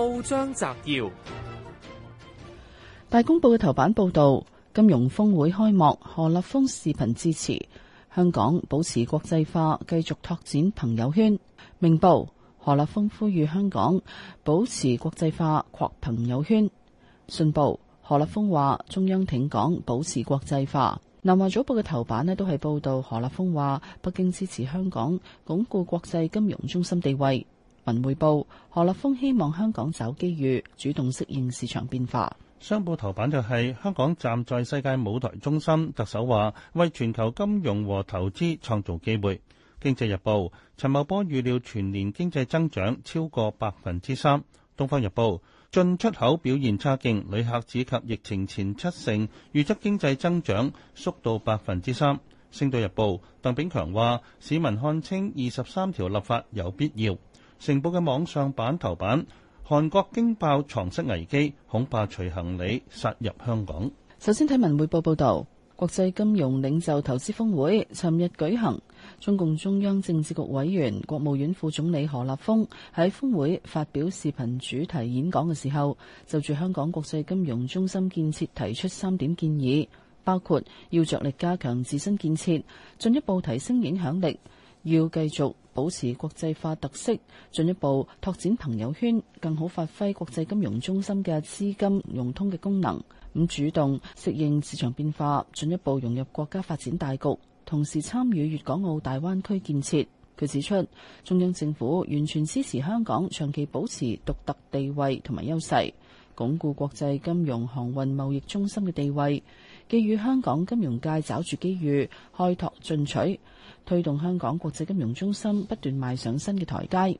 報章摘要：大公報嘅頭版報道，金融峰會開幕，何立峰視頻支持香港保持國際化，繼續拓展朋友圈。明報何立峰呼籲香港保持國際化，擴朋友圈。信報何立峰話，中央挺港，保持國際化。南華早報嘅頭版呢，都係報道何立峰話，北京支持香港鞏固國際金融中心地位。文匯報何立峰希望香港找機遇，主動適應市場變化。商報頭版就係、是、香港站在世界舞台中心，特首話為全球金融和投資創造機會。經濟日報陳茂波預料全年經濟增長超過百分之三。東方日報進出口表現差勁，旅客只及疫情前七成，預測經濟增長縮到百分之三。星島日報鄧炳強話市民看清二十三條立法有必要。《成報》嘅網上版頭版，韓國驚爆床蝨危機，恐怕隨行李殺入香港。首先睇《文匯報》報導，國際金融領袖投資峰會尋日舉行，中共中央政治局委員、國務院副總理何立峰喺峰會發表視頻主題演講嘅時候，就住香港國際金融中心建設提出三點建議，包括要着力加強自身建設，進一步提升影響力，要繼續，保持國際化特色，進一步拓展朋友圈，更好發揮國際金融中心嘅資金融通嘅功能。咁主動適應市場變化，進一步融入國家發展大局，同時參與粵港澳大灣區建設。佢指出，中央政府完全支持香港長期保持獨特地位同埋優勢，鞏固國際金融、航運、貿易中心嘅地位。寄予香港金融界抓住機遇、開拓進取，推動香港國際金融中心不斷邁上新嘅台階。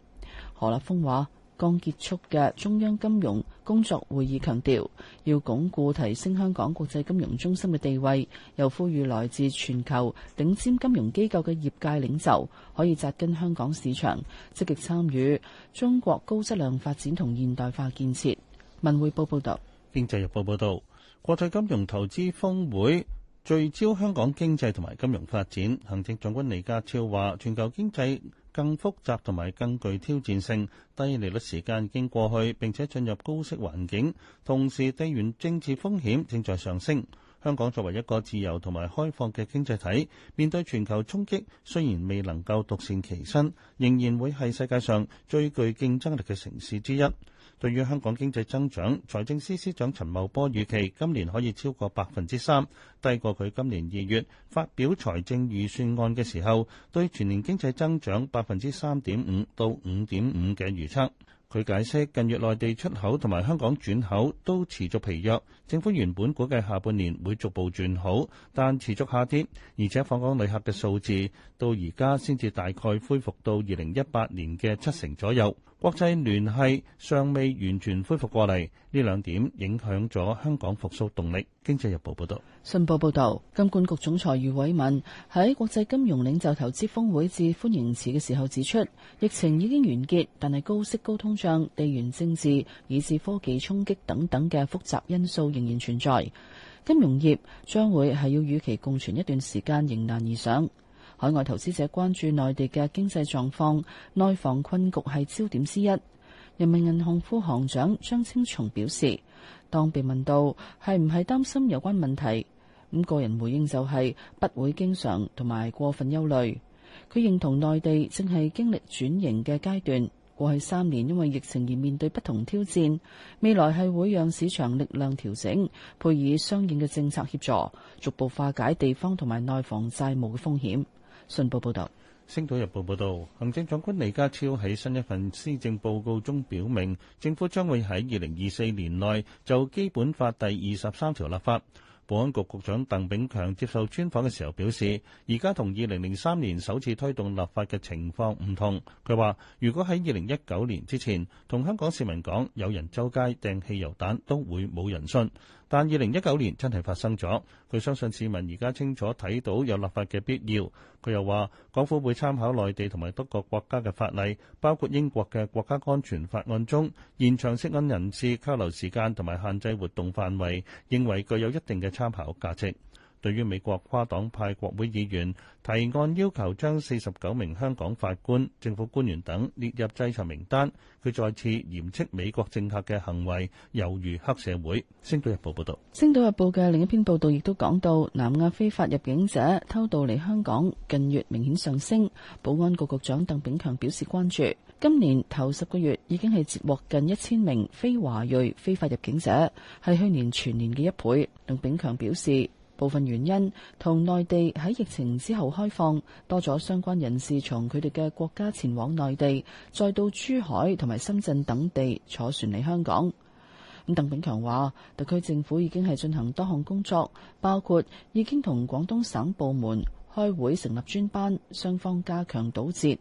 何立峰話，剛結束嘅中央金融工作會議強調，要鞏固提升香港國際金融中心嘅地位，又呼籲來自全球頂尖金融機構嘅業界領袖可以紮根香港市場，積極參與中國高質量發展同現代化建設。文匯報報道，經濟日報報道。國際金融投資峰會聚焦香港經濟同埋金融發展。行政長官李家超話：全球經濟更複雜同埋更具挑戰性，低利率時間已經過去，並且進入高息環境。同時，地緣政治風險正在上升。香港作為一個自由同埋開放嘅經濟體，面對全球衝擊，雖然未能夠獨善其身，仍然會係世界上最具競爭力嘅城市之一。對於香港經濟增長，財政司司長陳茂波預期今年可以超過百分之三，低過佢今年二月發表財政預算案嘅時候對全年經濟增長百分之三點五到五點五嘅預測。佢解釋，近月內地出口同埋香港轉口都持續疲弱，政府原本估計下半年會逐步轉好，但持續下跌，而且訪港旅客嘅數字到而家先至大概恢復到二零一八年嘅七成左右。國際聯繫尚未完全恢復過嚟，呢兩點影響咗香港復甦動力。經濟日報報道，信報報道，金管局總裁余偉文喺國際金融領袖投資峰會致歡迎詞嘅時候指出，疫情已經完結，但係高息高通脹、地緣政治、以至科技衝擊等等嘅複雜因素仍然存在，金融業將會係要與其共存一段時間，迎難而上。海外投資者關注內地嘅經濟狀況，內房困局係焦點之一。人民銀行副行長張青松表示，當被問到，係唔係擔心有關問題，咁個人回應就係不會經常同埋過分憂慮，佢認同內地正係經歷轉型嘅階段，過去三年因為疫情而面對不同挑戰，未來係會讓市場力量調整，配以相應嘅政策協助，逐步化解地方同埋內房債務嘅風險。信報報道。《星島日報》報道，行政長官李家超喺新一份施政報告中表明，政府將會喺二零二四年內就《基本法》第二十三條立法。保安局局長鄧炳強接受專訪嘅時候表示，而家同二零零三年首次推動立法嘅情況唔同。佢話：如果喺二零一九年之前同香港市民講有人周街掟汽油彈，都會冇人信。但二零一九年真係發生咗，佢相信市民而家清楚睇到有立法嘅必要。佢又話，港府會參考內地同埋多個國家嘅法例，包括英國嘅國家安全法案中延長適恩人士拘留時間同埋限制活動範圍，認為具有一定嘅參考價值。對於美國跨黨派國會議員提案要求將四十九名香港法官、政府官員等列入制裁名單，佢再次嚴斥美國政客嘅行為猶如黑社會。星島日報報道，《星島日報》嘅另一篇報導亦都講到，南亞非法入境者偷渡嚟香港近月明顯上升。保安局局長鄧炳強表示關注，今年頭十個月已經係截獲近一千名非華裔非法入境者，係去年全年嘅一倍。鄧炳強表示。部分原因同內地喺疫情之後開放，多咗相關人士從佢哋嘅國家前往內地，再到珠海同埋深圳等地坐船嚟香港。鄧炳強話特區政府已經係進行多項工作，包括已經同廣東省部門開會成立專班，雙方加強堵截；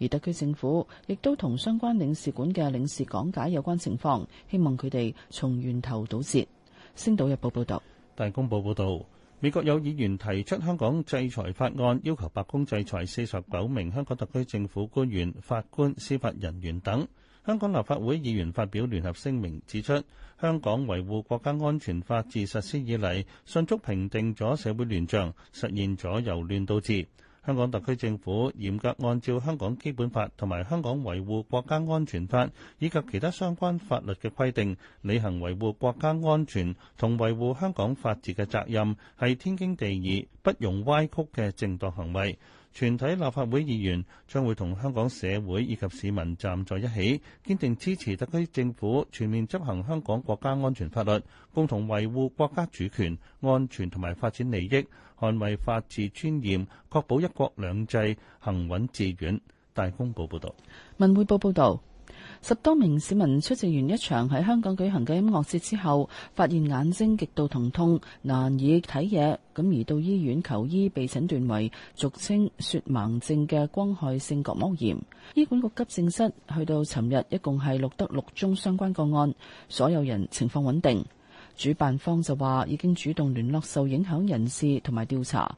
而特區政府亦都同相關領事館嘅領事講解有關情況，希望佢哋從源頭堵截。星島日報報道，大公報報道。美國有議員提出香港制裁法案，要求白宮制裁四十九名香港特區政府官員、法官、司法人員等。香港立法會議員發表聯合聲明指出，香港維護國家安全法治實施以嚟，迅速平定咗社會亂象，實現咗由亂到治。香港特區政府嚴格按照香港基本法同埋香港維護國家安全法以及其他相關法律嘅規定，履行維護國家安全同維護香港法治嘅責任，係天經地義。不容歪曲嘅正當行為，全體立法會議員將會同香港社會以及市民站在一起，堅定支持特區政府全面執行香港國家安全法律，共同維護國家主權、安全同埋發展利益，捍衛法治尊嚴，確保一國兩制行穩致遠。大公報報道。文匯報報道。十多名市民出席完一場喺香港舉行嘅音樂節之後，發現眼睛極度疼痛，難以睇嘢，咁而到醫院求醫，被診斷為俗稱雪盲症嘅光害性角膜炎。醫管局急症室去到尋日，一共係錄得六宗相關個案，所有人情況穩定。主辦方就話已經主動聯絡受影響人士同埋調查。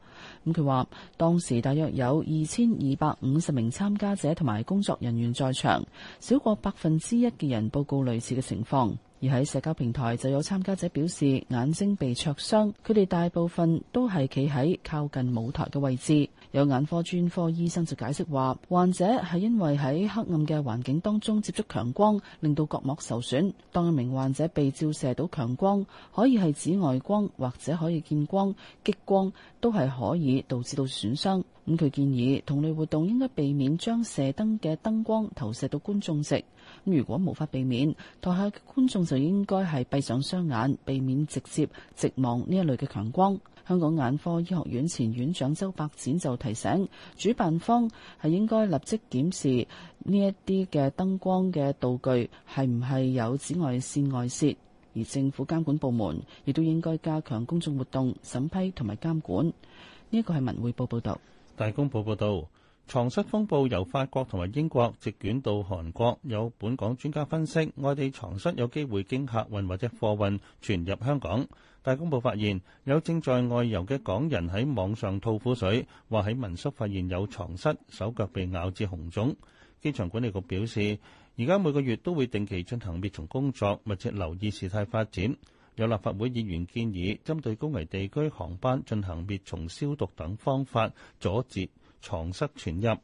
咁佢話當時大約有二千二百五十名參加者同埋工作人員在場，少過百分之一嘅人報告類似嘅情況。而喺社交平台就有參加者表示眼睛被灼傷，佢哋大部分都係企喺靠近舞台嘅位置。有眼科專科醫生就解釋話，患者係因為喺黑暗嘅環境當中接觸強光，令到角膜受損。當一名患者被照射到強光，可以係紫外光或者可以見光、激光，都係可以導致到損傷。咁佢建議，同類活動應該避免將射燈嘅燈光投射到觀眾席。如果無法避免，台下嘅觀眾就應該係閉上雙眼，避免直接直望呢一類嘅強光。香港眼科醫學院前院長周伯展就提醒，主辦方係應該立即檢視呢一啲嘅燈光嘅道具係唔係有紫外線外洩，而政府監管部門亦都應該加強公眾活動審批同埋監管。呢個係文匯報報道。大公報報道。床蝨風暴由法國同埋英國席捲到韓國，有本港專家分析，外地床蝨有機會經客運或者貨運傳入香港。大公報發現，有正在外遊嘅港人喺網上吐苦水，話喺民宿發現有床蝨，手腳被咬至紅腫。機場管理局表示，而家每個月都會定期進行滅蟲工作，密切留意事態發展。有立法會議員建議，針對高危地區航班進行滅蟲、消毒等方法，阻截床蝨傳入。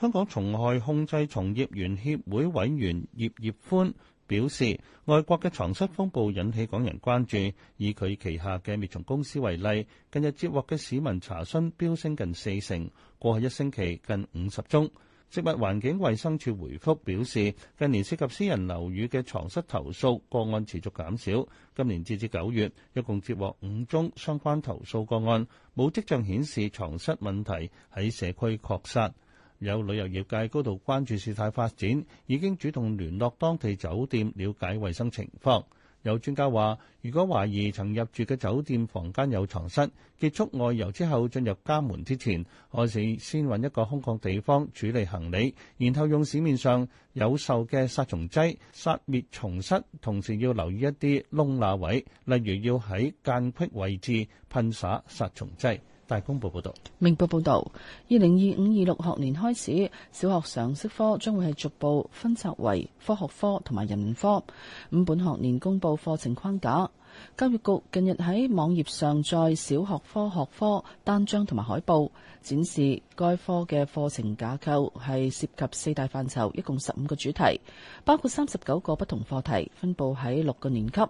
香港蟲害控制從業員協會委員葉業寬表示，外國嘅床蝨風暴引起港人關注。以佢旗下嘅滅蟲公司為例，近日接獲嘅市民查詢飆升近四成，過去一星期近五十宗。食物環境衞生署回覆表示，近年涉及私人樓宇嘅床蝨投訴個案持續減少，今年截至九月，一共接獲五宗相關投訴個案，冇跡象顯示床蝨問題喺社區擴散。有旅遊業界高度關注事態發展，已經主動聯絡當地酒店了解衞生情況。有專家話，如果懷疑曾入住嘅酒店房間有床蝨，結束外遊之後進入家門之前，我先先揾一個空曠地方處理行李，然後用市面上有售嘅殺蟲劑殺滅蟲蝨，同時要留意一啲窿罅位，例如要喺間隙位置噴灑殺蟲劑。大公報報道，明報報道，二零二五二六學年開始，小學常識科將會係逐步分拆為科學科同埋人文科。咁本學年公佈課程框架。教育局近日喺網頁上載小學科學科單張同埋海報，展示該科嘅課程架構係涉及四大範疇，一共十五個主題，包括三十九個不同課題，分布喺六個年級。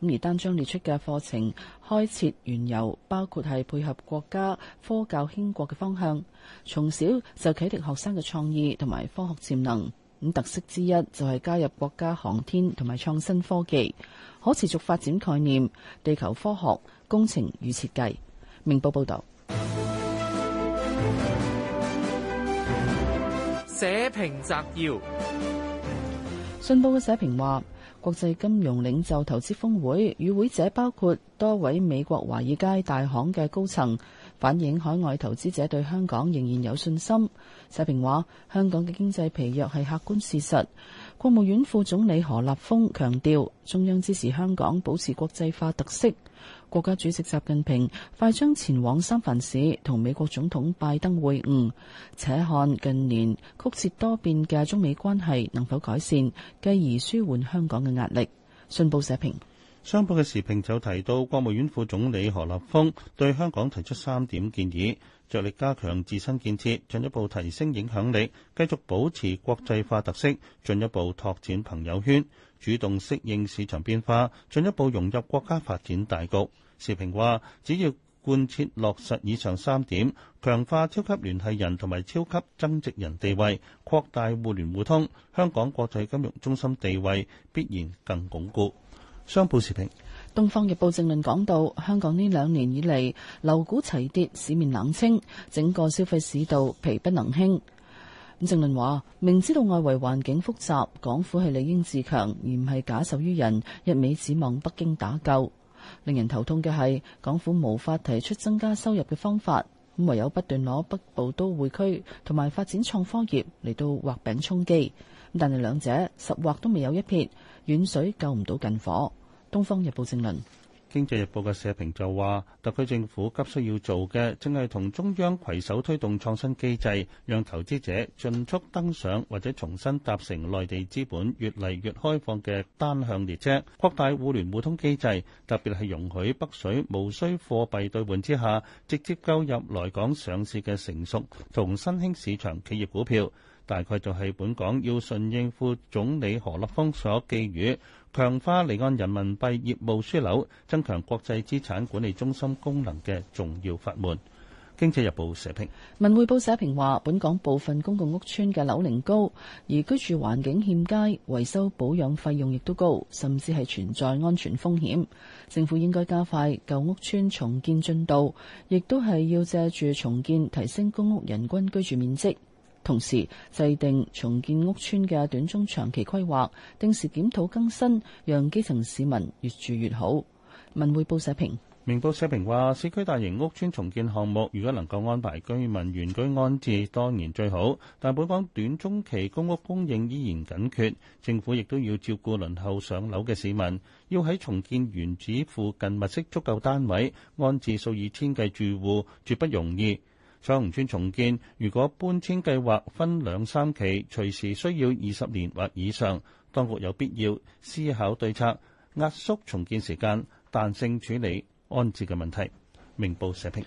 咁而單張列出嘅課程開設原由，包括係配合國家科教興國嘅方向，從小就啟迪學生嘅創意同埋科學潛能。咁特色之一就係加入國家航天同埋創新科技、可持續發展概念、地球科學、工程與設計。明報報道。社評摘要：信報嘅社評話，國際金融領袖投資峰會與會者包括多位美國華爾街大行嘅高層。反映海外投資者對香港仍然有信心。社評話，香港嘅經濟疲弱係客觀事實，國務院副總理何立峰強調中央支持香港保持國際化特色。國家主席習近平快將前往三藩市同美國總統拜登會晤，且看近年曲折多變嘅中美關係能否改善，繼而舒緩香港嘅壓力。信報社評。商報嘅時評就提到，國務院副總理何立峰對香港提出三點建議，着力加強自身建設，進一步提升影響力，繼續保持國際化特色，進一步拓展朋友圈，主動適應市場變化，進一步融入國家發展大局。時評話，只要貫徹落實以上三點，強化超級聯繫人同埋超級增值人地位，擴大互聯互通，香港國際金融中心地位必然更鞏固。商報時評，《東方日報》正論講到，香港呢兩年以嚟樓股齊跌，市面冷清，整個消費市道疲不能興。咁正論話，明知道外圍環境複雜，港府係理應自強，而唔係假手於人，一味指望北京打救。令人頭痛嘅係，港府無法提出增加收入嘅方法，咁唯有不斷攞北部都會區同埋發展創科業嚟到畫餅充飢。但係兩者實畫都未有一撇。遠水救唔到近火，《東方日報》正論，《經濟日報》嘅社評就話，特區政府急需要做嘅，正係同中央攜手推動創新機制，讓投資者迅速登上或者重新搭乘內地資本越嚟越開放嘅單向列車，擴大互聯互通機制，特別係容許北水無需貨幣兌換之下，直接購入來港上市嘅成熟同新興市場企業股票。大概就係本港要順應副總理何立峰所寄語，強化離岸人民幣業務樞紐，增強國際資產管理中心功能嘅重要法門。《經濟日報》社評。《文匯報》社評話本港部分公共屋邨嘅樓齡高，而居住環境欠佳，維修保養費用亦都高，甚至係存在安全風險，政府應該加快舊屋邨重建進度，亦都係要借住重建提升公屋人均居住面積。同時制定重建屋村嘅短中長期規劃，定時檢討更新，讓基層市民越住越好。文匯報社評，明報社評話：市區大型屋村重建項目如果能夠安排居民原居安置，當然最好。但本港短中期公屋供應依然緊缺，政府亦都要照顧輪候上樓嘅市民，要喺重建原址附近物色足夠單位安置數以千計住戶，絕不容易。彩虹村重建，如果搬遷計劃分兩三期，隨時需要二十年或以上，當局有必要思考對策，壓縮重建時間，彈性處理安置嘅問題，明報社評。